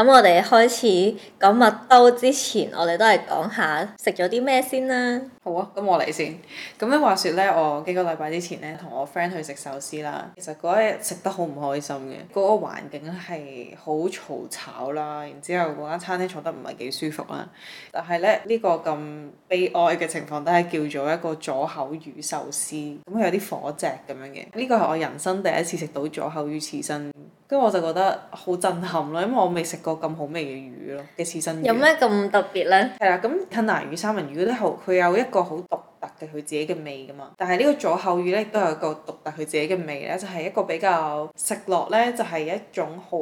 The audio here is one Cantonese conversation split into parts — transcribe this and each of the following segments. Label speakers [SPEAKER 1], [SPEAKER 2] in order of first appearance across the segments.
[SPEAKER 1] 咁我哋開始講麥兜之前我，我哋都係講
[SPEAKER 2] 下食咗啲咩先啦。好啊，咁我嚟先。咁樣話説呢，我幾個禮拜之前呢，同我 friend 去食壽司啦。其實嗰一日食得好唔開心嘅，嗰、嗰個環境係好嘈吵啦。然之後嗰間餐廳坐得唔係幾舒服啦。但係呢，呢、呢個咁悲哀嘅情況都係叫做一個左口魚壽司。咁佢有啲火炙咁樣嘅，呢個係我人生第一次食到左口魚刺身，跟住我就覺得好震撼啦，因為我未食過。個咁好味嘅魚咯。嘅刺身魚有咩咁特別咧？係啦，咁吞拿魚、三文魚都好，佢有一個好獨。佢自己嘅味噶嘛，但係呢個左口魚咧，亦都有一個獨特佢自己嘅味咧，就係、是、一個比較食落咧，就係、是、一種好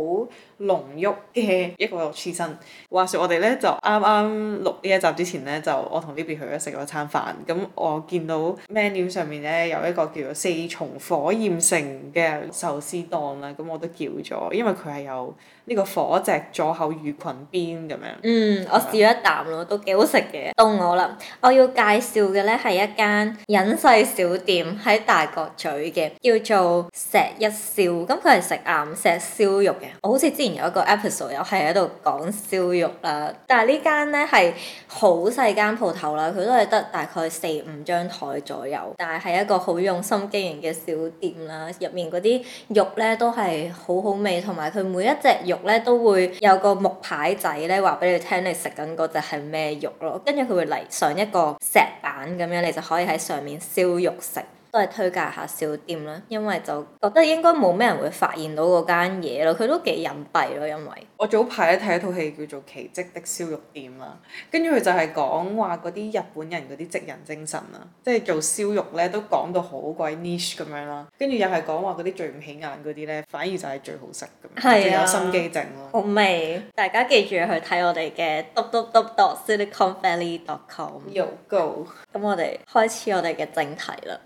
[SPEAKER 2] 濃郁嘅一個刺身。話說我哋咧就啱啱錄呢一集之前咧，就我同 Libby 去咗食咗餐飯，咁我見到 menu 上面咧有一個叫做四重火焰城嘅壽司檔啦，咁我都叫咗，因為佢係有呢個火炙左口魚裙邊咁樣。嗯，吧我試咗一
[SPEAKER 1] 啖咯，都幾好食嘅。到、嗯、我啦，我要介紹嘅咧係一。一間隱世小店喺大角咀嘅，叫做石一燒。咁佢係食岩石燒肉嘅。我好似之前有一個 episode，我係喺度講燒肉啦，但係呢間呢係好細間鋪頭啦，佢都係得大概四五張台左右，但係係一個好用心經營嘅小店啦。入面嗰啲肉呢都係好好味，同埋佢每一隻肉呢都會有個木牌仔呢話俾你聽你，你食緊嗰隻係咩肉咯。跟住佢會嚟上一個石板咁樣嚟。你就可以喺上面燒肉食。都係推介下小店啦，因為就覺得應該冇咩人會發現到嗰間嘢咯，佢都幾隱
[SPEAKER 2] 蔽咯。因為，因為我早排睇一套戲叫做《奇蹟的燒肉店》啦，跟住佢就係講話嗰啲日本人嗰啲職人精神啊，即係做燒肉咧都講到好鬼 niche 咁樣啦。跟住又係講話嗰啲最唔起眼嗰啲咧，反而就係最好食咁，即係、啊、有心機整咯。
[SPEAKER 1] 好味！ 大家記住去睇我哋嘅 dot dot dot Silicon Valley dot com。又 Go，咁我哋開始我哋嘅正題啦。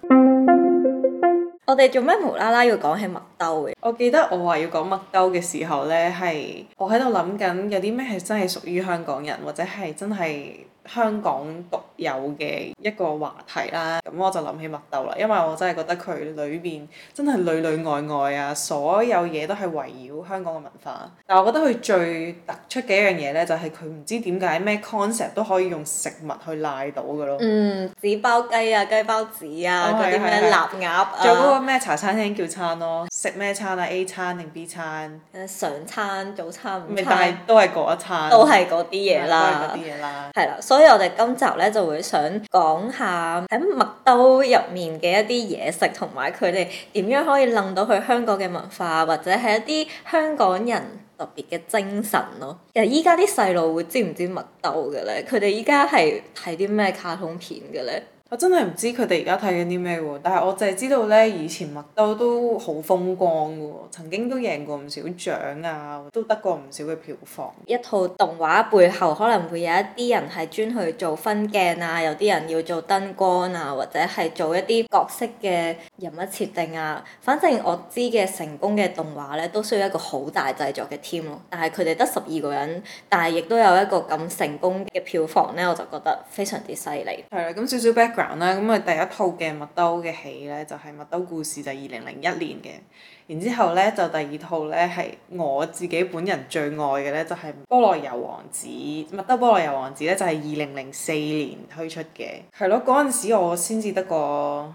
[SPEAKER 2] 我哋做咩無啦啦要講起麥兜嘅？我記得我話要講麥兜嘅時候呢，係我喺度諗緊有啲咩係真係屬於香港人，或者係真係香港獨有嘅一個話題啦，咁我就諗起麥兜啦，因為我真係覺得佢裏邊真係裏裏外外啊，所有嘢都係圍繞香港嘅文化。但係我覺得佢最突出嘅一樣嘢呢，就係佢唔知點解咩 concept 都可以用食物去賴到嘅咯。嗯，
[SPEAKER 1] 紙包雞啊，雞包紙啊，嗰啲咩臘鴨、啊。仲有嗰個咩茶餐
[SPEAKER 2] 廳叫餐咯？食咩餐啊？A 餐定 B 餐？上餐、早餐、唔係，但係都係嗰一餐。都係嗰啲嘢啦。係啦。所以
[SPEAKER 1] 我哋今集咧就會想講下喺麥兜入面嘅一啲嘢食，同埋佢哋點樣可以楞到佢香港嘅文化，或者係一啲香港人特別嘅精神咯。其實依家啲細路會知唔知麥兜嘅咧？佢哋依家
[SPEAKER 2] 係睇啲咩卡通片嘅咧？我真係唔知佢哋而家睇緊啲咩喎，但係我就係知道呢，以前麥兜都好風光嘅喎，曾經都贏過唔少獎啊，都得過唔少嘅票房。一套動畫背後可能會有一啲人係專去
[SPEAKER 1] 做分鏡啊，有啲人要做燈光啊，或者係做一啲角色嘅人物設定啊。反正我知嘅成功嘅動畫呢，都需要一個好大製作嘅 team 咯。但係佢哋得十二個人，但係亦都有一個咁成功嘅票房呢，我就覺
[SPEAKER 2] 得非常之犀利。係啦，咁少少 background 啦咁啊，第一套嘅麥兜嘅戲呢，就係麥兜故事，就係二零零一年嘅。然之後呢，就第二套呢，係我自己本人最愛嘅呢，就係、是《菠蘿油王子》。麥兜《菠蘿油王子》呢，就係二零零四年推出嘅。係咯，嗰陣時我先至得個。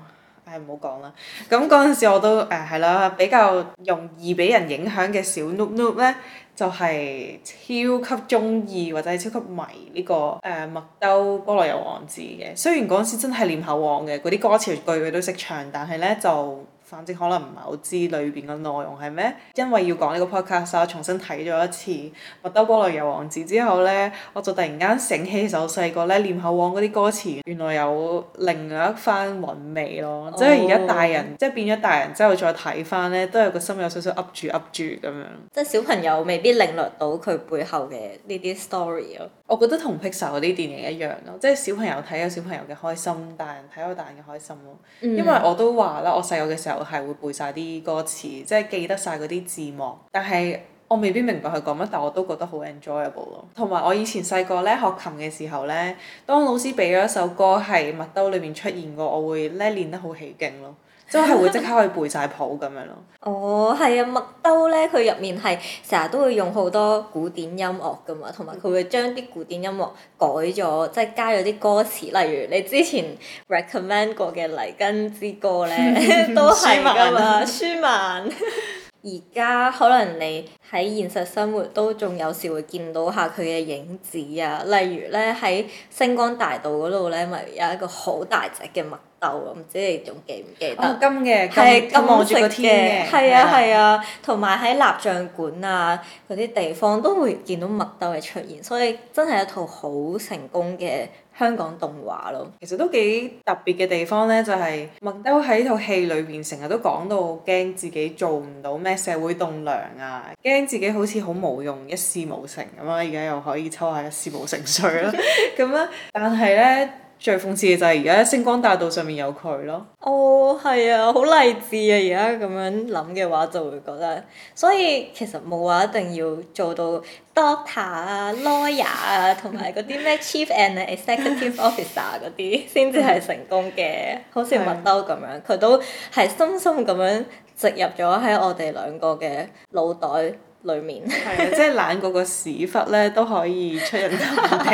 [SPEAKER 2] 唉，唔好講啦，咁嗰陣時我都誒係啦，比較容易俾人影響嘅小 Note Note 咧，就係超級中意或者係超級迷呢個誒麥兜菠蘿油王子嘅。雖然嗰陣時真係念口王嘅，嗰啲歌詞句句都識唱，但係咧就～反正可能唔係好知裏邊嘅內容係咩，因為要講呢個 podcast 啊，重新睇咗一次《麥兜菠蘿油王子》之後咧，我就突然間醒起，首細個咧念口王嗰啲歌詞原來有另外一番韻味咯。噢即係而家大人，即係變咗大人之後再睇翻咧，都係個心有少少噏住噏住咁樣，即係小朋友未必領略到佢背後嘅呢啲 story 咯。我覺得同 Pixar 嗰啲電影一樣咯，即係小朋友睇有小朋友嘅開心，大人睇有大人嘅開心咯。嗯、因為我都話啦，我細個嘅時候。我係會背曬啲歌詞，即係記得曬嗰啲字幕，但係我未必明白佢講乜，但我都覺得好 enjoyable 咯。同埋我以前細個咧學琴嘅時候咧，當老師俾咗一首歌係麥兜裏面出現過，我會咧練得好起勁咯。 即係會即刻可以背晒譜咁樣咯。
[SPEAKER 1] 哦，係啊，麥兜咧佢入面係成日都會用好多古典音樂噶嘛，同埋佢會將啲古典音樂改咗，即係加咗啲歌詞。例如你之前 recommend 過嘅《黎根之歌》咧， 都係噶嘛， 舒曼。 舒曼笑而家可能你喺現實生活都仲有時會見到下佢嘅影子啊，例如咧喺星光大道嗰度咧，咪有一個好大隻嘅麥兜啊。唔知你仲記唔記得？哦、金嘅，係金，金色嘅，係啊係啊，同埋喺蠟像館啊嗰啲地方都會見到麥兜嘅出現，所以真係一套好成功嘅。
[SPEAKER 2] 香港動畫咯，其實都幾特別嘅地方呢，就係麥兜喺套戲裏邊成日都講到驚自己做唔到咩社會棟樑啊，驚自己好似好無用，一事無成咁樣，而家又可以抽下一事無成稅啦，咁啦， 但係呢。最諷刺嘅就係而家星光大道上面有佢咯。
[SPEAKER 1] 哦，係啊，好勵志啊！而家咁樣諗嘅話就會覺得，所以其實冇話一定要做到 doctor 啊、lawyer 啊，同 埋嗰啲咩 chief and executive officer 嗰啲先至係成功嘅。 好似麥兜咁樣，佢、啊、都係深深咁樣植入咗喺我哋兩個嘅腦袋。裏面係啊， 即係懶過個屎忽咧都可以出人頭地。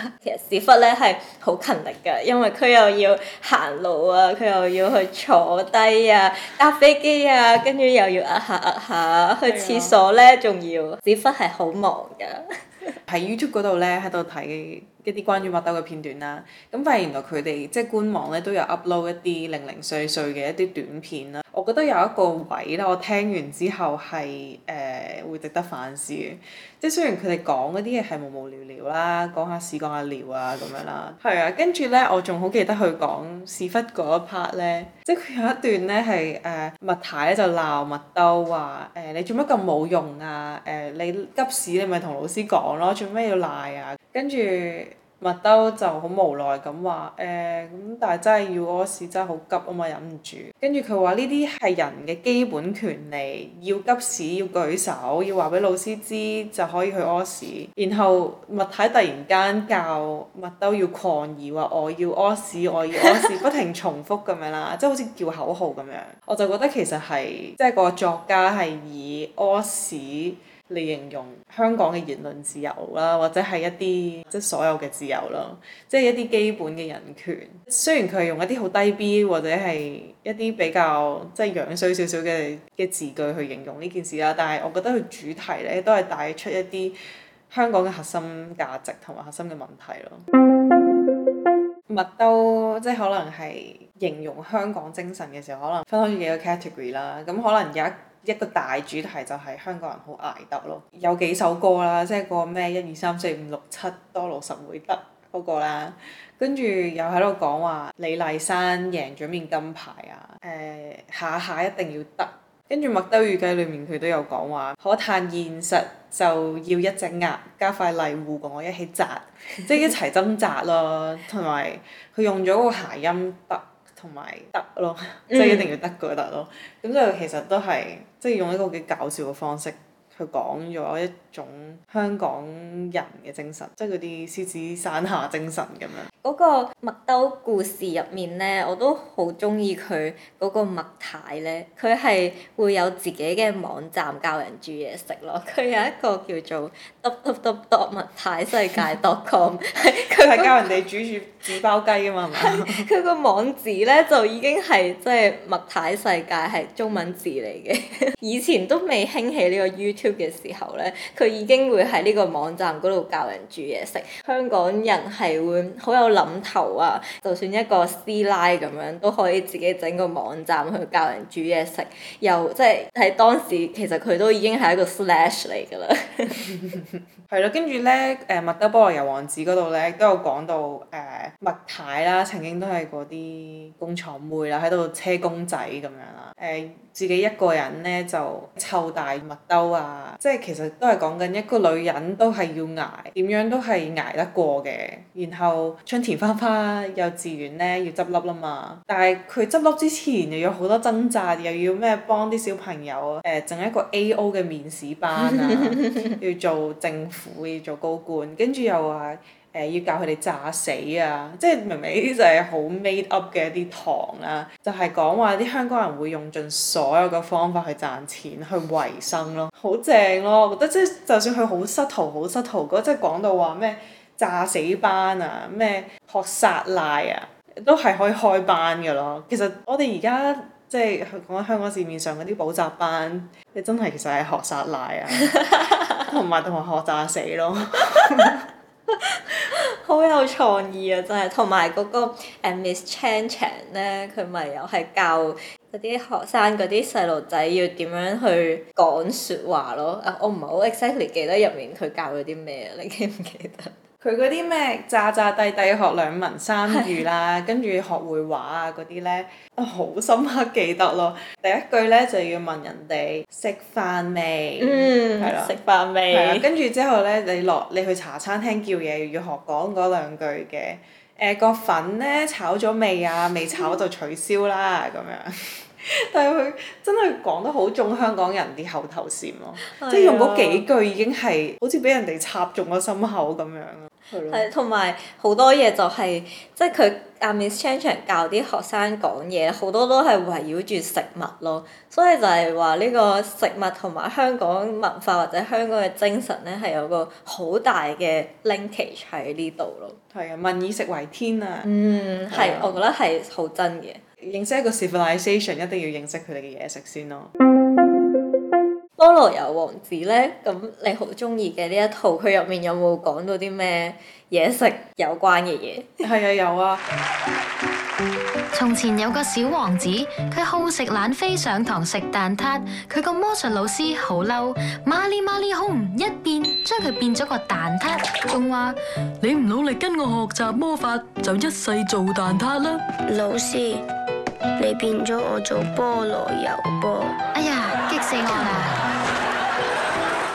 [SPEAKER 1] 其實屎忽咧係好勤力㗎，因為佢又要行路啊，佢又要去坐低啊，搭飛機啊，跟住又要壓下壓下去廁所咧，仲要
[SPEAKER 2] 屎忽係好忙㗎。 喺 YouTube 度咧，喺度睇一啲關於麥兜嘅片段啦。咁發現原來佢哋即係官網咧都有 upload 一啲零零碎碎嘅一啲短片啦。我覺得有一個位咧，我聽完之後係誒、呃、會值得反思，即係雖然佢哋講嗰啲嘢係無無聊聊啦，講下屎講下尿啊咁樣啦。係啊，跟住咧我仲好記得佢講屎忽嗰一 part 咧，即係佢有一段咧係誒麥太咧就鬧麥兜話誒、呃、你做乜咁冇用啊？誒、呃、你急屎你咪同老師講咯，做咩要賴啊？跟住。麥兜就好無奈咁話，誒、欸、咁但係真係要屙屎真係好急啊嘛，忍唔住。跟住佢話呢啲係人嘅基本權利，要急屎要舉手要話俾老師知就可以去屙屎。然後麥太突然間教麥兜要抗議，話，我要屙屎，我要屙屎，不停重複咁樣啦， 即係好似叫口號咁樣。我就覺得其實係即係個作家係以屙屎。嚟形容香港嘅言論自由啦，或者係一啲即係所有嘅自由咯，即係一啲基本嘅人權。雖然佢係用一啲好低 B 或者係一啲比較即係樣衰少少嘅嘅字句去形容呢件事啦，但係我覺得佢主題呢都係帶出一啲香港嘅核心價值同埋核心嘅問題咯。 麥兜即係可能係形容香港精神嘅時候，可能分開咗幾個 category 啦。咁可能有一一個大主題就係香港人好捱得咯，有幾首歌啦，即係個咩一二三四五六七多攞十會得嗰個啦，跟住又喺度講話李麗珊贏咗面金牌啊，誒、呃、下下一定要得，跟住麥兜預計裡面佢都有講話，可嘆現實就要一隻鴨加塊荔芋同我一起扎， 即係一齊掙扎咯，同埋佢用咗個諧音得。同埋得咯，即係一定要得過得咯，咁就、嗯、其實都係即係用一個幾搞笑嘅方式。佢講咗一種香港人嘅精神，即係嗰啲獅子山下精神咁樣。
[SPEAKER 1] 嗰個麥兜故事入面呢，我都好中意佢嗰個麥太呢，佢係會有自己嘅網站教人煮嘢食咯。佢有一個叫做 dot dot dot dot 麥太世界 dot com，佢係、 嗰個、教人哋
[SPEAKER 2] 煮煮紙包雞啊嘛，係咪
[SPEAKER 1] 是？佢個 網址呢，就已經係即係麥太世界係中文字嚟嘅， 以前都未興起呢個 YouTube。嘅時候呢，佢已經會喺呢個網站嗰度教人煮嘢食。香港人係會好有諗頭啊！就算一個師奶咁樣，都可以自己整個網站去教人煮嘢食。又即係喺當時，其實佢都已經係一個 slash 嚟㗎
[SPEAKER 2] 啦。係 咯，跟住呢，誒，麥兜菠蘿油王子嗰度呢，都有講到誒，麥、呃、太啦曾經都係嗰啲工廠妹啦，喺度車公仔咁樣啦。誒、呃，自己一個人呢，就湊大麥兜啊！即係其實都係講緊一個女人都係要捱，點樣都係捱得過嘅。然後春田花花幼稚園呢要執笠啦嘛，但係佢執笠之前又有好多掙扎，又要咩幫啲小朋友誒整、呃、一個 AO 嘅面試班啊， 要做政府要做高官，跟住又話。誒、呃、要教佢哋炸死啊！即係明明就係好 made up 嘅一啲堂啦，啊，就係講話啲香港人會用盡所有嘅方法去賺錢去維生咯，好正咯！我覺得即係就算佢好失途好失途，嗰即係講到話咩炸死班啊，咩學殺賴啊，都係可以開班㗎咯。其實我哋而家即係講香港市面上嗰啲補習班，你真係其實係學殺賴啊，同埋同埋學炸死咯。 好有創
[SPEAKER 1] 意啊，真係！同埋嗰個誒、uh, Miss Chan Chan 呢，佢咪又係教嗰啲學生嗰啲細路仔要點樣去講説話咯。啊，我唔係好 exactly 記得入面佢教咗啲咩啊，你記唔記得？
[SPEAKER 2] 佢嗰啲咩詐詐諦諦學兩文三語啦， 跟住學會話啊嗰啲咧，好深刻記得咯。第一句咧就要問人哋、嗯、了食飯未？嗯，係啦，食飯未？係啦，跟住之後咧，你落你去茶餐廳叫嘢又要學講嗰兩句嘅。誒、呃、個粉咧炒咗未啊？未炒就取消啦咁樣。 但係佢真係講得好中香港人啲口頭禪咯，了即係用嗰幾句已經係好似俾人哋插中咗心口咁樣。係，同埋好多嘢
[SPEAKER 1] 就係、是，即係佢阿 Miss 商場教啲學生講嘢，好多都係圍繞住食物咯。所以就係話呢個食物同埋香港文化或者香港嘅精神咧，係有個好大嘅 linkage 喺呢度咯。係啊，民以食
[SPEAKER 2] 為天啊。嗯，係對了，我覺得係好真嘅。認識一個 civilization，一定要認識佢哋嘅嘢食先咯。菠蘿油王子呢？咁
[SPEAKER 1] 你好中意嘅呢一套，佢入面有冇講到啲咩嘢食有關嘅嘢？係啊，有啊。從前有個小王子，佢好食懶飛，上堂食蛋撻。佢個魔術老師瑪麗瑪麗好嬲，馬哩馬哩唔一變，將佢變咗個蛋撻，仲話你唔努力跟我學習魔法，就一世做蛋撻啦。老師。你變咗我做菠
[SPEAKER 2] 蘿油噃，哎呀，激死我啦！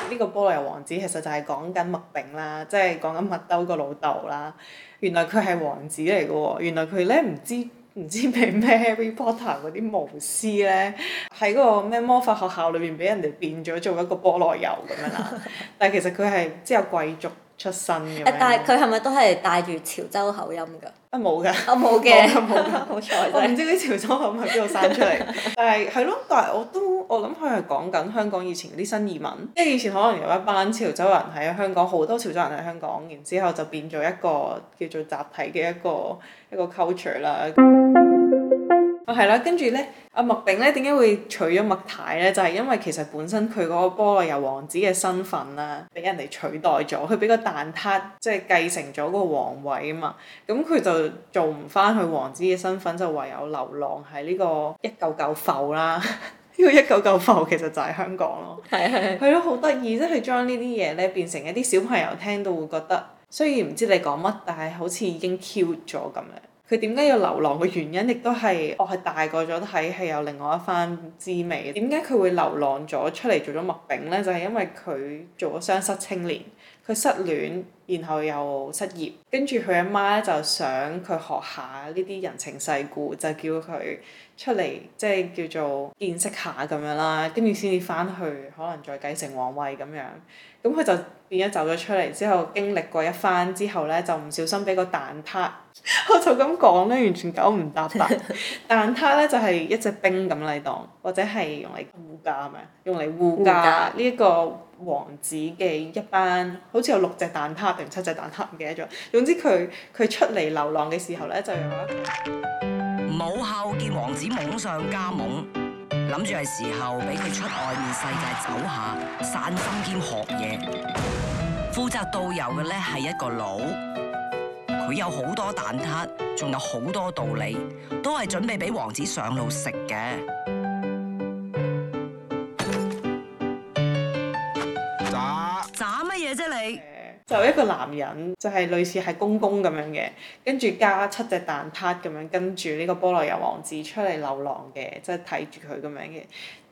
[SPEAKER 2] 呢個菠蘿油王子其實就係講緊麥炳啦，即係講緊麥兜個老豆啦。原來佢係王子嚟嘅喎，原來佢咧唔知唔知畀咩《Harry Potter》嗰啲巫師咧喺嗰個咩魔法學校裏邊俾人哋變咗做一個菠蘿油咁樣啦。 但其實佢係即係貴族。出身嘅、啊，但係佢
[SPEAKER 1] 係咪都係帶住潮州口音㗎？啊，冇
[SPEAKER 2] 㗎。 啊、我冇嘅。冇嘅，好彩，我唔知啲潮州口音喺邊度生出嚟， 但係係咯，但係我都我諗佢係講緊香港以前啲新移民，即係以前可能有一班潮州人喺香港，好多潮州人喺香港，然之後就變咗一個叫做集體嘅一個一個 culture 啦。 啊，係啦、哦，跟住呢，阿麥炳呢點解會娶咗麥太呢？就係、是、因為其實本身佢嗰個菠蘿油王子嘅身份啦，俾人哋取代咗，佢俾個蛋撻即係繼承咗個皇位啊嘛。咁、嗯、佢就做唔翻佢王子嘅身份，就唯有流浪喺呢個一嚿嚿浮啦。呢 個一嚿嚿浮其實就係香港咯。係係係。係咯，好得意，即係將呢啲嘢呢變成一啲小朋友聽到會覺得，雖然唔知你講乜，但係好似已經 cue 咗咁樣。佢點解要流浪嘅原因，亦都係我係大個咗睇，係有另外一番滋味。點解佢會流浪咗出嚟做咗麥餅呢？就係因為佢做咗雙失青年，佢失戀，然後又失業，跟住佢阿媽咧就想佢學下呢啲人情世故，就叫佢。出嚟即係叫做見識下咁樣啦，跟住先至翻去，可能再繼承皇位咁樣。咁佢就變咗走咗出嚟之後，經歷過一番之後呢，就唔小心俾個蛋撻， 我就咁講呢，完全狗唔搭白。 蛋撻呢，就係、是、一隻兵咁嚟當，或者係用嚟護駕咩？用嚟護駕呢一個王子嘅一班，好似有六隻蛋撻定七隻蛋撻唔記得咗。總之佢佢出嚟流浪嘅時候呢，就有一。母后見王子懵上加懵，
[SPEAKER 1] 諗住係時候俾佢出外面世界走下，散心兼學嘢。負責導遊嘅咧係一個佬，佢有好多蛋撻，仲有好多道理，都係準備俾王子上路食嘅。
[SPEAKER 2] 就一個男人，就係類似係公公咁樣嘅，跟住加七隻蛋撻咁樣，跟住呢個菠蘿油王子出嚟流浪嘅，即係睇住佢咁樣嘅。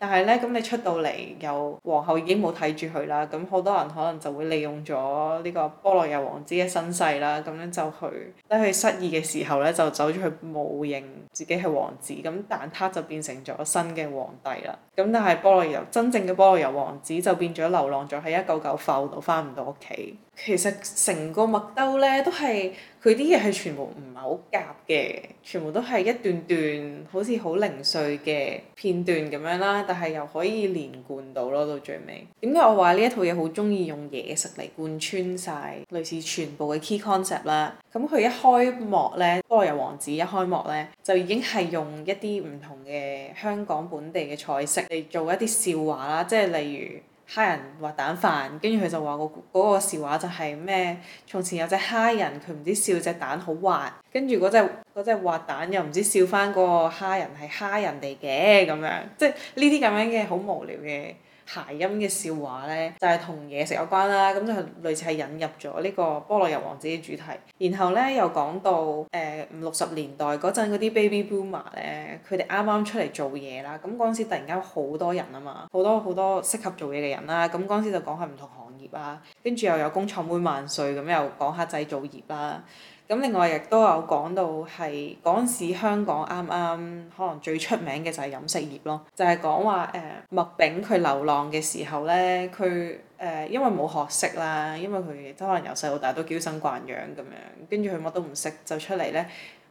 [SPEAKER 2] 但係咧，咁你出到嚟，又皇后已經冇睇住佢啦。咁好多人可能就會利用咗呢個菠蘿油王子嘅身世啦，咁樣就去喺佢失意嘅時候咧，就走咗去冒認自己係王子。咁但係他就變成咗新嘅皇帝啦。咁但係菠蘿油真正嘅菠蘿油王子就變咗流浪咗喺一嚿嚿浮到，翻唔到屋企。其實成個麥兜咧都係。佢啲嘢係全部唔係好夾嘅，全部都係一段段好似好零碎嘅片段咁樣啦，但係又可以連貫到咯到最尾。點解我話呢一套嘢好中意用嘢食嚟貫穿晒類似全部嘅 key concept 啦。咁、嗯、佢一開幕呢，菠蘿油王子一開幕呢，就已經係用一啲唔同嘅香港本地嘅菜式嚟做一啲笑話啦，即係例如，蝦人滑蛋飯，跟住佢就話嗰個嗰個笑話就係咩？從前有隻蝦人，佢唔知笑隻蛋好滑，跟住嗰隻嗰隻滑蛋又唔知笑翻嗰個蝦人係蝦人哋嘅咁樣，即係呢啲咁樣嘅好無聊嘅。諧音嘅笑話呢，就係同嘢食有關啦，咁就類似係引入咗呢個菠蘿油王子嘅主題。然後呢，又講到誒五六十年代嗰陣嗰啲 baby boomer 咧，佢哋啱啱出嚟做嘢啦，咁嗰陣時突然間好多人啊嘛，好多好多適合做嘢嘅人啦，咁嗰陣時就講下唔同行業啊，跟住又有工廠妹萬歲咁，又講下製造業啦。咁另外亦都有講到係嗰陣時香港啱啱可能最出名嘅就係飲食業咯，就係講話誒麥炳佢流浪嘅時候呢，佢誒、呃、因為冇學識啦，因為佢可能由細到大都嬌生慣養咁樣，跟住佢乜都唔識就出嚟呢。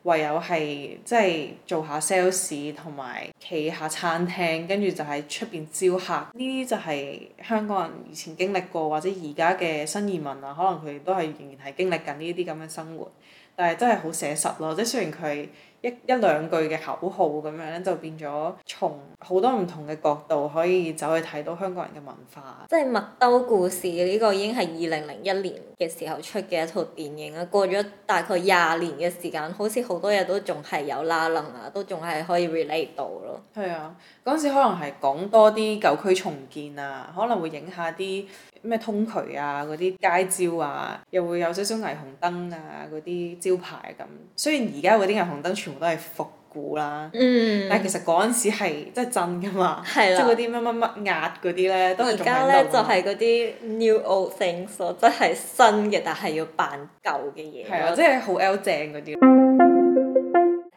[SPEAKER 2] 唯有係即係做下 sales 同埋企下餐廳，跟住就喺出邊招客。呢啲就係香港人以前經歷過，或者而家嘅新移民啊，可能佢哋都係仍然係經歷緊呢啲咁嘅生活。但係真係好寫實咯，即係雖然佢。一一兩句嘅口號咁樣咧，就變咗從好多唔同嘅角度可以走去睇到香港人嘅文化。
[SPEAKER 1] 即係麥兜故事呢個已經係二零零一年嘅時候出嘅一套電影啦。過咗大概廿年嘅時間，好似好多嘢都仲係有拉楞啊，都仲係可以 relate 到咯。係啊，嗰
[SPEAKER 2] 陣時可能係講多啲舊區重建啊，可能會影下啲咩通渠啊，嗰啲街招啊，又會有少少霓虹燈啊，嗰啲招牌咁。雖然而家嗰啲霓虹燈全都係復古啦，嗯、但係，其實嗰陣時係真係真噶嘛，即係嗰啲乜乜乜壓嗰啲咧，都係仲而家咧就係嗰啲 new
[SPEAKER 1] old things 咯，即係新嘅，但係要扮舊嘅嘢，的那個、即係好 l 正嗰啲。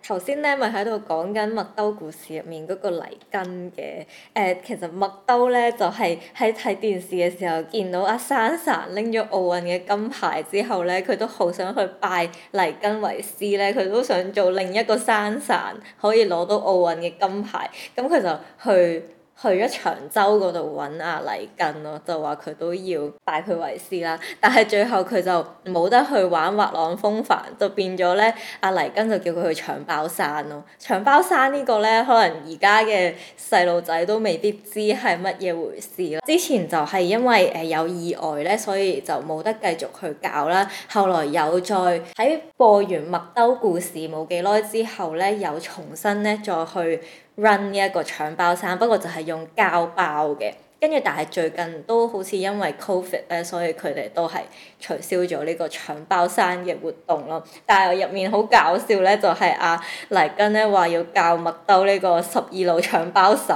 [SPEAKER 1] 頭先呢咪喺度講緊麥兜故事入面嗰個黎根嘅，誒、呃、其實麥兜呢就係喺睇電視嘅時候見到阿珊珊拎咗奧運嘅金牌之後呢，佢都好想去拜黎根為師呢，佢都想做另一個珊珊可以攞到奧運嘅金牌，咁佢就去。去咗長洲嗰度揾阿黎根咯，就話佢都要拜佢為師啦。但係最後佢就冇得去玩滑浪風帆，就變咗呢。阿黎根就叫佢去搶包山咯。搶包山呢個呢，可能而家嘅細路仔都未必知係乜嘢回事啦。之前就係因為誒有意外呢，所以就冇得繼續去搞啦。後來有再喺播完麥兜故事冇幾耐之後呢，又重新呢再去。run 呢一個搶包山，不過就係用膠包嘅，跟住但係最近都好似因為 COVID 咧，所以佢哋都係，取消咗呢個搶包山嘅活動咯，但係我入面好搞笑咧，就係阿黎根咧話要教麥兜呢個十二路搶包手，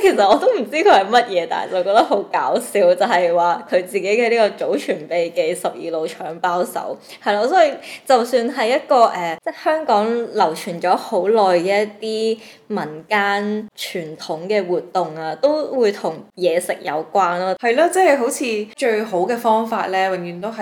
[SPEAKER 1] 其實我都唔知佢係乜嘢，但係就覺得好搞笑，就係話佢自己嘅呢個祖傳秘技十二路搶包手，係咯，所以就算係一個誒即係香港流傳咗好耐嘅一啲民間傳
[SPEAKER 2] 統嘅活動啊，都會同嘢食有關咯。係咯，即係好似最好嘅方法咧，永遠都係。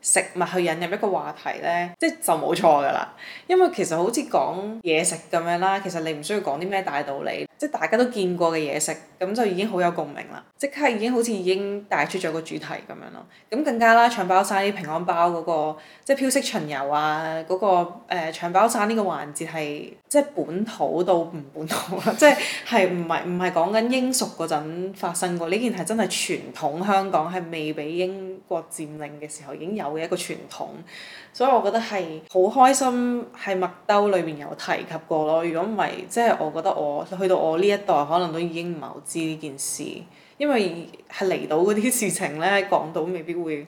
[SPEAKER 2] 食物去引入一個話題呢，即係就冇錯㗎啦。因為其實好似講嘢食咁樣啦，其實你唔需要講啲咩大道理，即係大家都見過嘅嘢食，咁就已經好有共鳴啦。即刻已經好似已經帶出咗個主題咁樣咯。咁更加啦，搶包山啲平安包嗰、那個，即係飄色巡遊啊，嗰、那個誒、呃、搶包山呢個環節係即係本土到唔本土啊，即係係唔係唔係講緊英屬嗰陣發生過呢件係真係傳統香港係未俾英國佔領嘅時候已經有，嘅一個傳統，所以我覺得係好開心，喺麥兜裏邊有提及過咯。如果唔係，即係我覺得我去到我呢一代，可能都已經唔係好知呢件事。因為係離島嗰啲事情咧，港島未必會，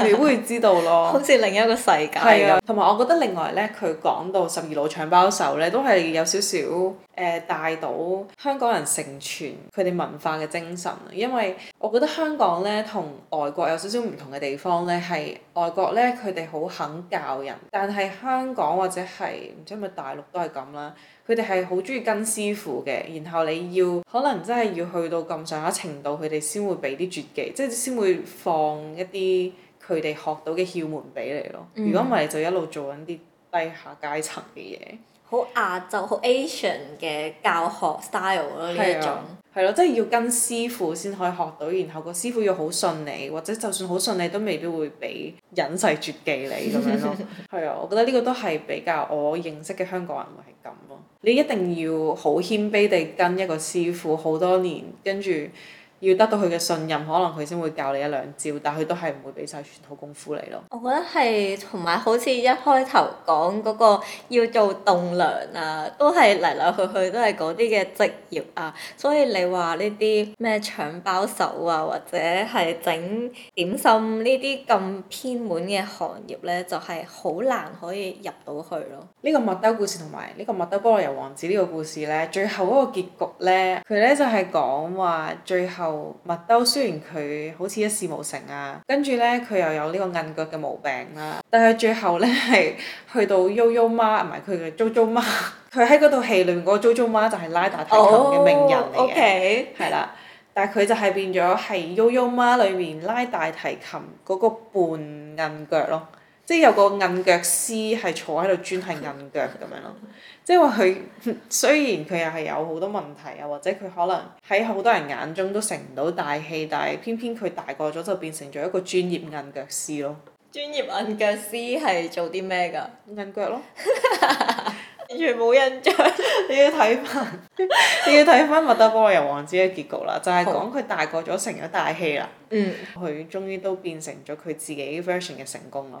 [SPEAKER 2] 未必會知道咯。 好似另一個世界係啊，同埋的我覺得另外咧，佢講到十二路搶包手咧，都係有少少誒、呃、帶到香港人承傳佢哋文化嘅精神。因為我覺得香港咧同外國有少少唔同嘅地方咧，係外國咧佢哋好肯教人，但係香港或者係唔知係咪大陸都係咁啦。佢哋係好中意跟師傅嘅，然後你要可能真係要去到咁上下程度，佢哋先會俾啲絕技，即係先會放一啲佢哋學到嘅竅門俾你咯。如果唔係，就一路做緊啲低下階層嘅嘢。
[SPEAKER 1] 好亞洲、好 Asian 嘅教
[SPEAKER 2] 學 style 咯，呢一種。係咯，即係要跟師傅先可以學到，然後個師傅要好信你，或者就算好信你都未必會俾隱世絕技你咁樣咯。係啊， 我覺得呢個都係比較我認識嘅香港人會係咁咯。你一定要好謙卑地跟一個師傅好多年，跟住。.要得到佢嘅信任，可能佢先會教你一兩招，但佢都係唔會俾晒全套功夫你咯。我
[SPEAKER 1] 覺得係同埋好似一開頭講嗰、那個要做棟樑啊，都係嚟嚟去去都係嗰啲嘅職業啊。所以你話呢啲咩搶包手啊，或者係整點心呢啲咁偏門嘅行業咧，就係、是、好難可以入到
[SPEAKER 2] 去咯。呢個麥兜故事同埋呢個麥兜菠蘿油王子呢個故事咧，最後嗰個結局咧，佢咧就係、是、講話最後。麥兜雖然佢好似一事無成啊，跟住咧佢又有呢個韌腳嘅毛病啦，但係最後咧係去到悠悠媽，唔係佢嘅糟糟媽，佢喺嗰套戲裏面嗰個糟糟媽就係拉大提琴嘅名人嚟嘅，係啦、oh, okay.，但係佢就係變咗係悠悠媽裏面拉大提琴嗰個伴韌腳咯，即係有個韌腳師係坐喺度專係韌腳咁樣咯。即係話佢雖然佢又係有好多問題啊，或者佢可能喺好多人眼中都成唔到大器，但係偏偏佢大個咗就變成咗一個專業銀腳師咯。
[SPEAKER 1] 專業銀腳師係做啲咩㗎？銀腳咯， 完
[SPEAKER 2] 全冇印象。 你要睇翻， 你要睇翻《麥兜菠蘿油王子》嘅結局啦，就係講佢大個咗好成咗大器啦。嗯。佢終於都變成咗佢自己 version 嘅成功咯。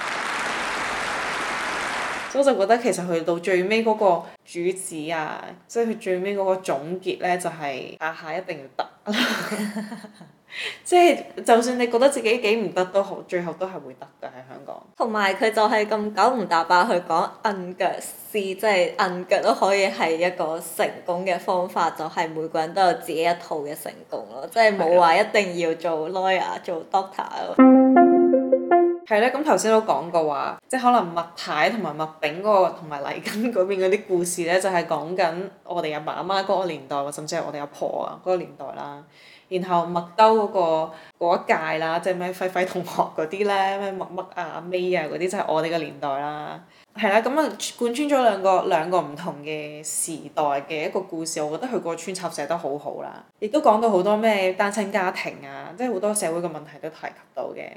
[SPEAKER 2] 所以我就覺得其實去到最尾嗰個主旨啊，即係佢最尾嗰個總結呢，就係、是、啊下，下一定要得，即 係 就，就算你覺得自己幾唔得都好，最後都係會得嘅喺香港。
[SPEAKER 1] 同埋佢就係咁九唔搭八去講，硬腳試即係硬腳都可以係一個成功嘅方法，就係、是、每個人都有自己一套
[SPEAKER 2] 嘅成功咯，即係冇話一定要做 lawyer 的做 doctor。係咧，咁頭先都講過話，即係可能麥太同埋麥炳嗰個同埋黎根嗰邊嗰啲故事咧，就係講緊我哋阿爸阿媽嗰個年代，或甚至係我哋阿婆啊嗰個年代啦。然後麥兜嗰、那個嗰一屆啦，即係咩輝輝同學嗰啲咧，咩麥麥啊、May 啊嗰啲，即係我哋個年代啦。係啦，咁啊貫穿咗兩個兩個唔同嘅時代嘅一個故事，我覺得佢個穿插寫得好好啦。亦都講到好多咩單親家庭啊，即係好多社會嘅問題都提及到嘅。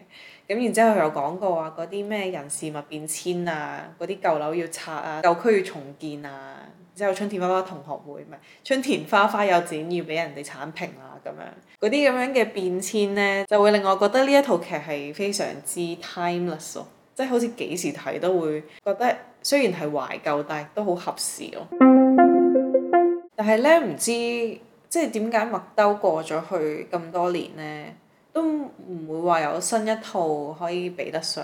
[SPEAKER 2] 咁然之後又講過話嗰啲咩人事物變遷啊，嗰啲舊樓要拆啊，舊區要重建啊。之後春田花花同學會唔係春田花花幼稚園要俾人哋剷平啊。咁樣嗰啲咁樣嘅變遷呢，就會令我覺得呢一套劇係非常之 timeless 咯，即係好似幾時睇都會覺得雖然係懷舊，但係都好合時咯。但係呢，唔知即係點解麥兜過咗去咁多年呢，都唔會話有新一套可以比得上，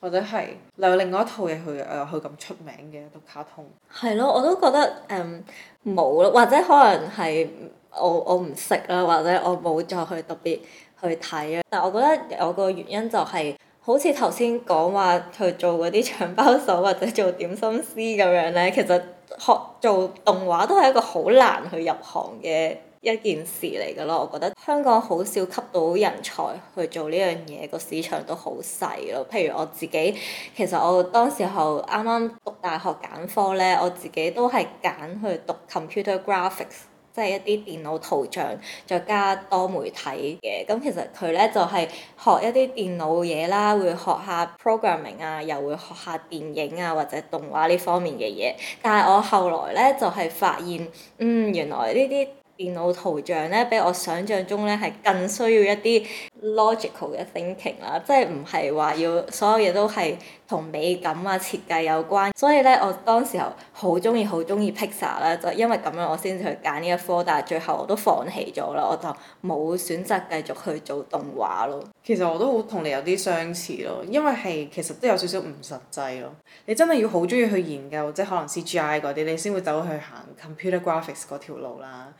[SPEAKER 2] 或者係有另外一套嘢去誒去咁出名嘅一部卡通。係咯，我都覺得誒冇咯，或者可能係。我我唔識
[SPEAKER 1] 啦，或者我冇再去特別去睇啊。但係我覺得有個原因就係，好似頭先講話去做嗰啲搶包手或者做點心師咁樣咧，其實學做動畫都係一個好難去入行嘅一件事嚟噶咯。我覺得香港好少吸到人才去做呢樣嘢，個市場都好細咯。譬如我自己，其實我當時候啱啱讀大學揀科咧，我自己都係揀去讀 computer graphics。即係一啲電腦圖像，再加多媒體嘅咁，其實佢咧就係學一啲電腦嘢啦，會學下 programming 啊，又會學下電影啊或者動畫呢方面嘅嘢。但係我後來咧就係發現，嗯，原來呢啲電腦圖像咧，比我想像中咧係更需要一啲 logical 嘅 thinking 啦，即係唔係話要所有嘢都係。同美感啊設計有關，所以咧，我當時候好中意好中意 Pixar 啦，就因為咁樣我先至去揀呢一科，但係最後我都放棄咗啦，我
[SPEAKER 2] 就冇選擇繼續去做動畫咯。其實我都好同你有啲相似咯，因為係其實都有少少唔實際咯。你真係要好中意去研究，即係可能 CGI 嗰啲，你先會走去行 computer graphics 嗰條路啦。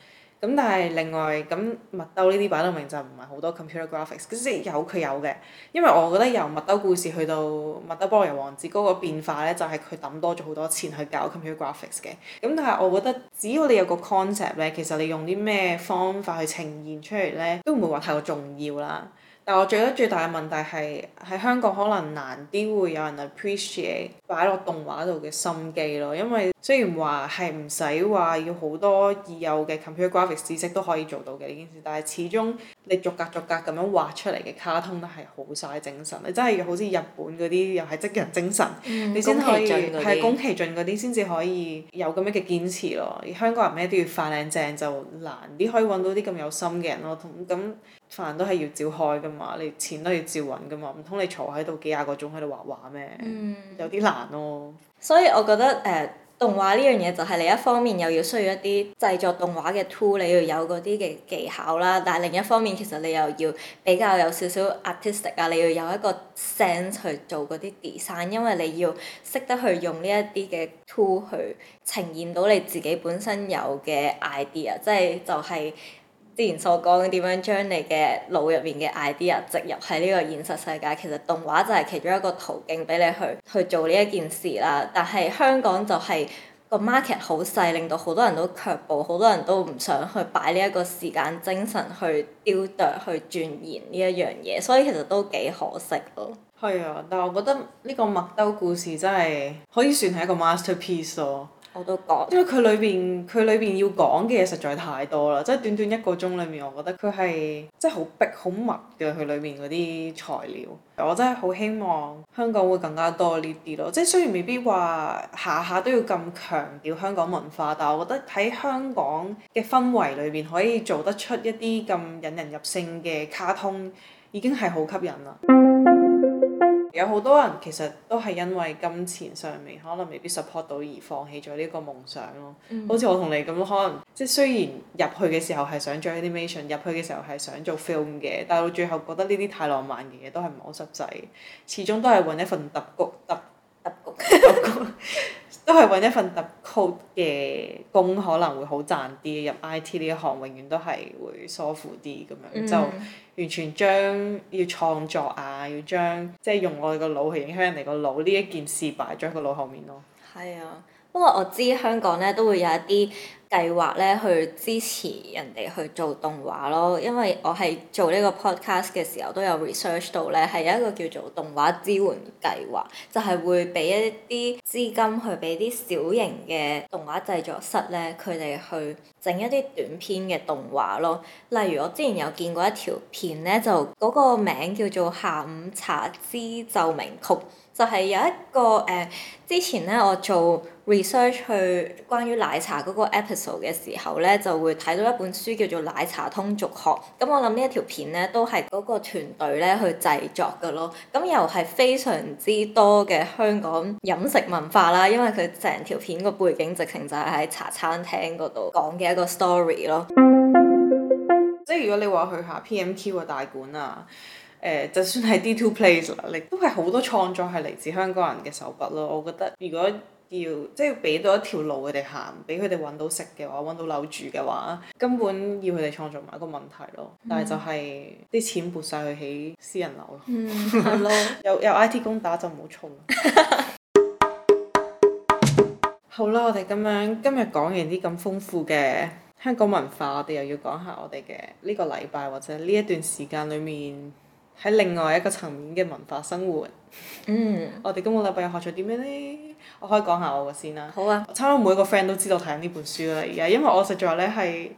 [SPEAKER 2] 咁但係另外，咁麥兜呢啲擺到明就唔係好多 computer graphics，即係有佢有嘅，因為我覺得由麥兜故事去到麥兜菠蘿油王子嗰個變化咧，就係佢抌多咗好多錢去搞 computer graphics 嘅。咁但係我覺得只要你有個 concept 咧，其實你用啲咩方法去呈現出嚟咧，都唔會話太過重要啦。但係我覺得最大嘅問題係喺香港可能難啲會有人 appreciate 擺落動畫度嘅心機咯，因為。雖然話係唔使話要好多已有嘅 computer graphics 知識都可以做到嘅呢件事，但係始終你逐格逐格咁樣畫出嚟嘅卡通都係好嘥精神，你真係好似日本嗰啲又係職人精神，嗯、
[SPEAKER 3] 你先可以係宮
[SPEAKER 2] 崎駿嗰啲先至可以有咁樣嘅堅持咯。香港人咩都要快靚正就難啲，可以揾到啲咁有心嘅人咯。咁咁飯都係要照開噶嘛，你錢都要照揾噶嘛，唔通你坐喺度幾廿個鐘喺度畫畫咩？嗯、有啲難咯。所以我覺得誒。Uh, 動畫
[SPEAKER 1] 呢樣嘢就係你一方面又要需要一啲製作動畫嘅 tool，你要有嗰啲嘅技巧啦。但係另一方面，其實你又要比較有少少 artistic 啊，你要有一個 sense 去做嗰啲 design，因為你要識得去用呢一啲嘅 tool 去呈現到你自己本身有嘅 idea，即係就係、是。之前所講點樣將你嘅腦入面嘅 idea 植入喺呢個現實世界，其實動畫就係其中一個途徑俾你去去做呢一件事啦。但係香港就係個 market 好細，令到好多人都卻步，好多人都唔想去擺呢一個時間精神去雕琢、去鑽研呢一樣嘢，所以其實都幾可惜咯。係
[SPEAKER 2] 啊， 但係我覺得呢個麥兜故事真係可以算係一個 masterpiece 咯。我都覺，因為佢裏邊佢裏邊要講嘅嘢實在太多啦，即係短短一個鐘裏面，我覺得佢係即係好逼、好密嘅佢裏面嗰啲材料。我真係好希望香港會更加多呢啲咯，即係雖然未必話下下都要咁強調香港文化，但係我覺得喺香港嘅氛圍裏邊可以做得出一啲咁引人入勝嘅卡通，已經係好吸引啦。有好多人其實都係因為金錢上面可能未必 support 到而放棄咗呢個夢想咯。嗯、好似我同你咁，可能即係雖然入去嘅時候係想做 animation，入去嘅時候係想做 film 嘅，但係到最後覺得呢啲太浪漫嘅嘢都係唔係好實際，始終都係揾一份特局、特特局、 都係揾一份特酷嘅工，可能會好賺啲。入 I T 呢一行，永遠都係會疏忽啲咁樣，嗯、就完全將要創作啊，要將即係用我哋個腦去影響人哋個腦呢一件事擺咗喺個腦後面咯。係啊，不過我知
[SPEAKER 1] 香港咧都會有一啲。計劃咧去支持人哋去做動畫咯，因為我係做呢個 podcast 嘅時候都有 research 到咧，係有一個叫做動畫支援計劃，就係會俾一啲資金去俾啲小型嘅動畫製作室咧，佢哋去整一啲短片嘅動畫咯。例如我之前有見過一條片咧，就個名叫做《下午茶之奏鳴曲》，就係、是、有一個誒、呃、之前咧我做 research 去關於奶茶嗰個 episode 嘅時候呢，就會睇到一本書叫做《奶茶通俗學》。咁我諗呢一條片呢，都係嗰個團隊呢去製作嘅咯。咁又係非常之多嘅香港飲食文化啦，因為佢成條片個背景直情就係喺茶餐廳嗰度講嘅一個 story 咯。即
[SPEAKER 2] 係如果你話去下 PMQ 啊大館啊，呃，就算係 D Two Place 啦，都係好多創作係嚟自香港人嘅手筆咯。我覺得如果要即係俾到一條路佢哋行，俾佢哋揾到食嘅話，揾到樓住嘅話，根本要佢哋創造埋一個問題咯。但係就係、是、啲、嗯、錢撥晒去起私人樓咯，係咯、嗯。 有有 I T 工打就唔 好衝。好啦，我哋咁樣今日講完啲咁豐富嘅香港文化，我哋又要講下我哋嘅呢個禮拜或者呢一段時間裡面。喺另外一個層面嘅文化生活。
[SPEAKER 3] 嗯，
[SPEAKER 2] 我哋今個禮拜又學咗啲咩呢？我可以講下我個先啦。好啊。差唔多每一個 friend 都知道睇緊呢本書啦，而家因為我實在咧係，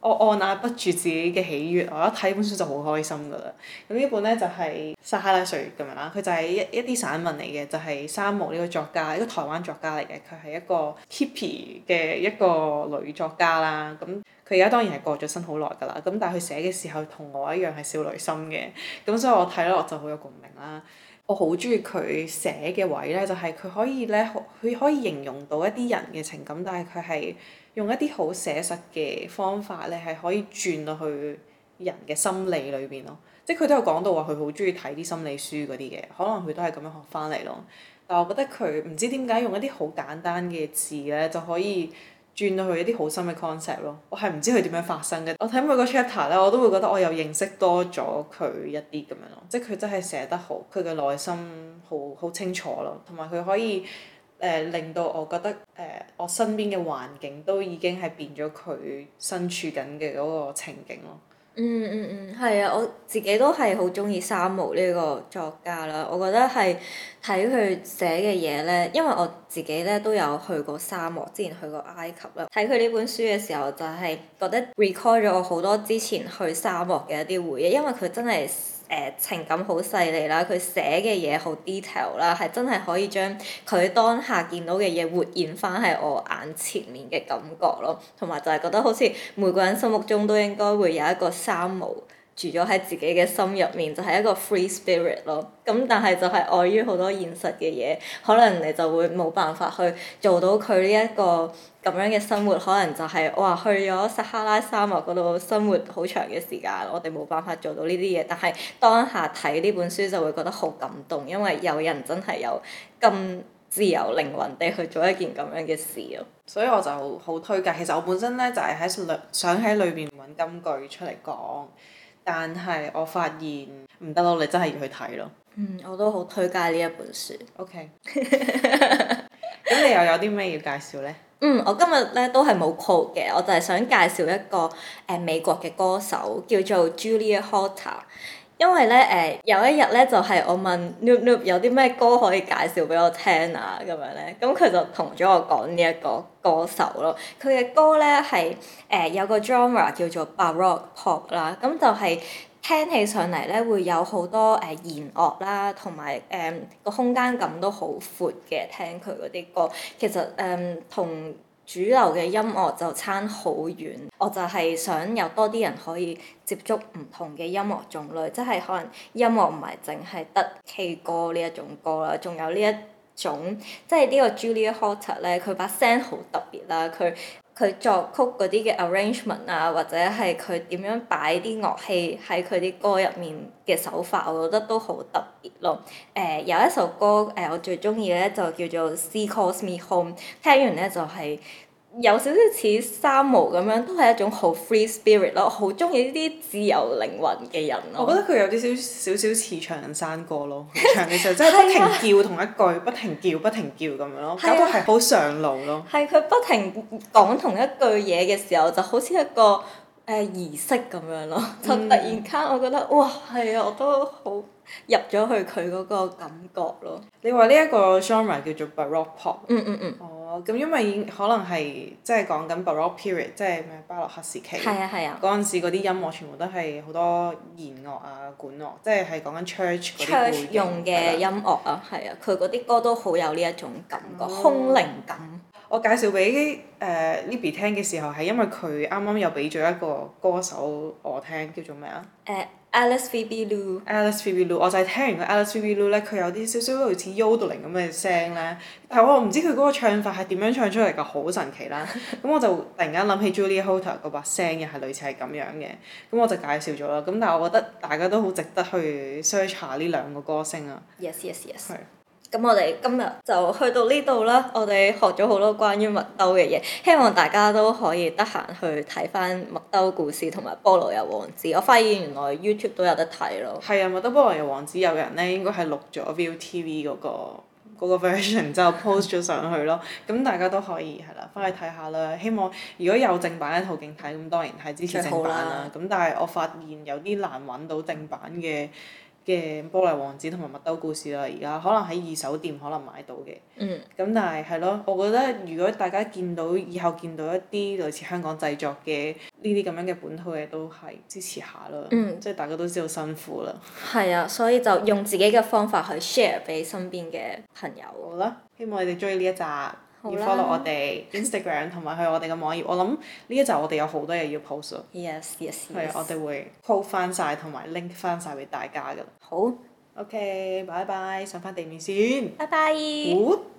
[SPEAKER 2] 我按捺不住自己嘅喜悅，我一睇本書就好開心噶啦。咁呢本呢就係、是《撒哈拉歲月》咁樣啦，佢就係一一啲散文嚟嘅，就係三毛呢個作家，一個台灣作家嚟嘅，佢係一個 hippie 嘅一個女作家啦。咁。佢而家當然係過咗身好耐㗎啦，咁但係佢寫嘅時候同我一樣係少女心嘅，咁所以我睇落就好有共鳴啦。我好中意佢寫嘅位咧，就係、是、佢可以咧，佢可以形容到一啲人嘅情感，但係佢係用一啲好寫實嘅方法咧，係可以轉到去人嘅心理裏邊咯。即係佢都有講到話，佢好中意睇啲心理書嗰啲嘅，可能佢都係咁樣學翻嚟咯。但我覺得佢唔知點解用一啲好簡單嘅字咧就可以。轉到去一啲好深嘅 concept 咯，我係唔知佢點樣發生嘅。我睇每個 chapter 咧，我都會覺得我又認識多咗佢一啲咁樣咯。即係佢真係寫得好，佢嘅內心好好清楚咯，同埋佢可以誒、呃、令到我覺得誒、呃、我身邊嘅環境都已經係變咗佢身處緊嘅嗰個情景咯。嗯嗯嗯，係、嗯、啊！我自己都係好中意沙漠呢個作家啦，我覺
[SPEAKER 1] 得係睇佢寫嘅嘢呢，因為我自己呢都有去過沙漠，之前去過埃及啦。睇佢呢本書嘅時候，就係覺得 recall 咗我好多之前去沙漠嘅一啲回憶，因為佢真係～誒、呃、情感好細膩啦，佢寫嘅嘢好 detail 啦，係真係可以將佢當下見到嘅嘢活現翻喺我眼前面嘅感覺咯，同埋就係覺得好似每個人心目中都應該會有一個三毛。住咗喺自己嘅心入面，就係一個 free spirit 咯。咁但係就係礙於好多現實嘅嘢，可能你就會冇辦法去做到佢呢一個咁樣嘅生活。可能就係哇，去咗撒哈拉沙漠嗰度生活好長嘅時間，我哋冇辦法做到呢啲嘢。但係當下睇呢本書就會覺得好感動，因
[SPEAKER 2] 為有人真係有咁自由靈魂地去做一件咁樣嘅事咯。所以我就好推介。其實我本身咧就係喺想喺裏邊揾金句出嚟講。但係我發現唔得咯，你真係要去睇咯。嗯，我都好推介呢一本書。OK，咁你又有啲咩要介紹呢？
[SPEAKER 1] 嗯，我今日咧都係冇 call 嘅，我就係想介紹一個誒、呃、美國嘅歌手叫做 Julia Carter。因為呢，誒、呃、有一日呢，就係、是、我問 Nub、no、Nub、no、有啲咩歌可以介紹俾我聽啊，咁樣呢，咁佢就同咗我講呢一個歌手咯。佢嘅歌呢，係誒、呃、有個 genre 叫做 Baroque Pop 啦，咁就係聽起上嚟呢，會有好多誒弦樂啦，同埋誒個空間感都好闊嘅。聽佢嗰啲歌，其實誒同，呃主流嘅音樂就差好遠，我就係想有多啲人可以接觸唔同嘅音樂種類，即係可能音樂唔係淨係得 K 歌呢一種歌啦，仲有呢一種，即係呢個 Julia Holter 呢，佢把聲好特別啦，佢。佢作曲嗰啲嘅 arrangement 啊，或者係佢點樣擺啲樂器喺佢啲歌入面嘅手法，我覺得都好特別咯。誒、呃，有一首歌誒、呃，我最中意咧就叫做《Sea Calls Me Home》，聽完咧就係、是。有少少似三毛咁樣，都係一種好 free spirit 咯，好中意呢啲自由靈魂嘅人咯。我覺得佢有
[SPEAKER 2] 啲少少少似長生哥咯，唱嘅時候真係不停叫同一句， 不停叫不停叫咁樣咯，都係好上腦咯。
[SPEAKER 1] 係佢 不停講同一句嘢嘅時候，就好似一個。誒、呃、儀式咁樣咯，嗯、就突然間我覺得，哇，係啊，我都好
[SPEAKER 2] 入咗去佢嗰個感覺咯。你話呢一個 genre 叫做 Baroque Pop，嗯嗯嗯，嗯嗯哦，咁因為可能係即係講緊 Baroque Period，即係咩巴洛克時期，係啊係啊，嗰陣、啊、時嗰啲音樂全部都係好多弦樂啊管樂，即係係講緊 church 嗰啲用嘅音樂啊，係啊，佢嗰啲歌都好有呢一種感覺、嗯、空靈感。我介紹俾誒 Libby 聽嘅時候係因為佢啱啱又俾咗一個歌手我聽叫做咩啊、uh？Alice Phoebe Lou。Alice Phoebe Lou，我就係聽完個 Alice Phoebe Lou 咧，佢有啲少少類似 yodeling 咁嘅聲咧，係 我唔知佢嗰個唱法係點樣唱出嚟噶，好神奇啦！咁 我就突然間諗起 Julia Holter 嗰把聲又係類似係咁樣嘅，咁我就介紹咗啦。咁但係我覺得大家都好值得去 search 下呢兩個歌星啊。Yes yes yes。係。咁我哋今日就去到呢度啦，我哋學咗好多關於麥兜
[SPEAKER 1] 嘅嘢，希望大家都可以得閒去睇翻麥兜故事同埋《菠蘿油王
[SPEAKER 2] 子》。我發現原來 YouTube 都有得睇咯。係啊，《麥兜菠蘿油王子》有人咧，應該係錄咗 ViuTV 嗰個嗰個 version，之後 post 咗上去咯。咁、嗯、 大家都可以係啦，翻去睇下啦。希望如果有正版嘅途徑睇，咁當然係支持正版好啦。咁但係我發現有啲難揾到正版嘅。嘅玻璃王子同埋麥兜故事啦，而家可能喺二手店可能買到嘅。咁、嗯、但係係咯，我覺得如果大家見到以後見到一啲類似香港製作嘅呢啲咁樣嘅本土嘅，都係支持下咯。嗯、即係大家都知道辛苦啦。
[SPEAKER 1] 係啊，所以就用自己嘅方法去 share 俾身邊嘅朋友好
[SPEAKER 2] 啦。希望你哋中意呢一集。要 follow 我哋 Instagram 同埋去我哋嘅網頁，我諗呢一集我哋有好多嘢要 post。Yes yes。係啊，我哋會 post 翻晒同埋 link 翻晒俾大家噶啦。好。OK，拜拜！上翻地面先。拜拜 bye！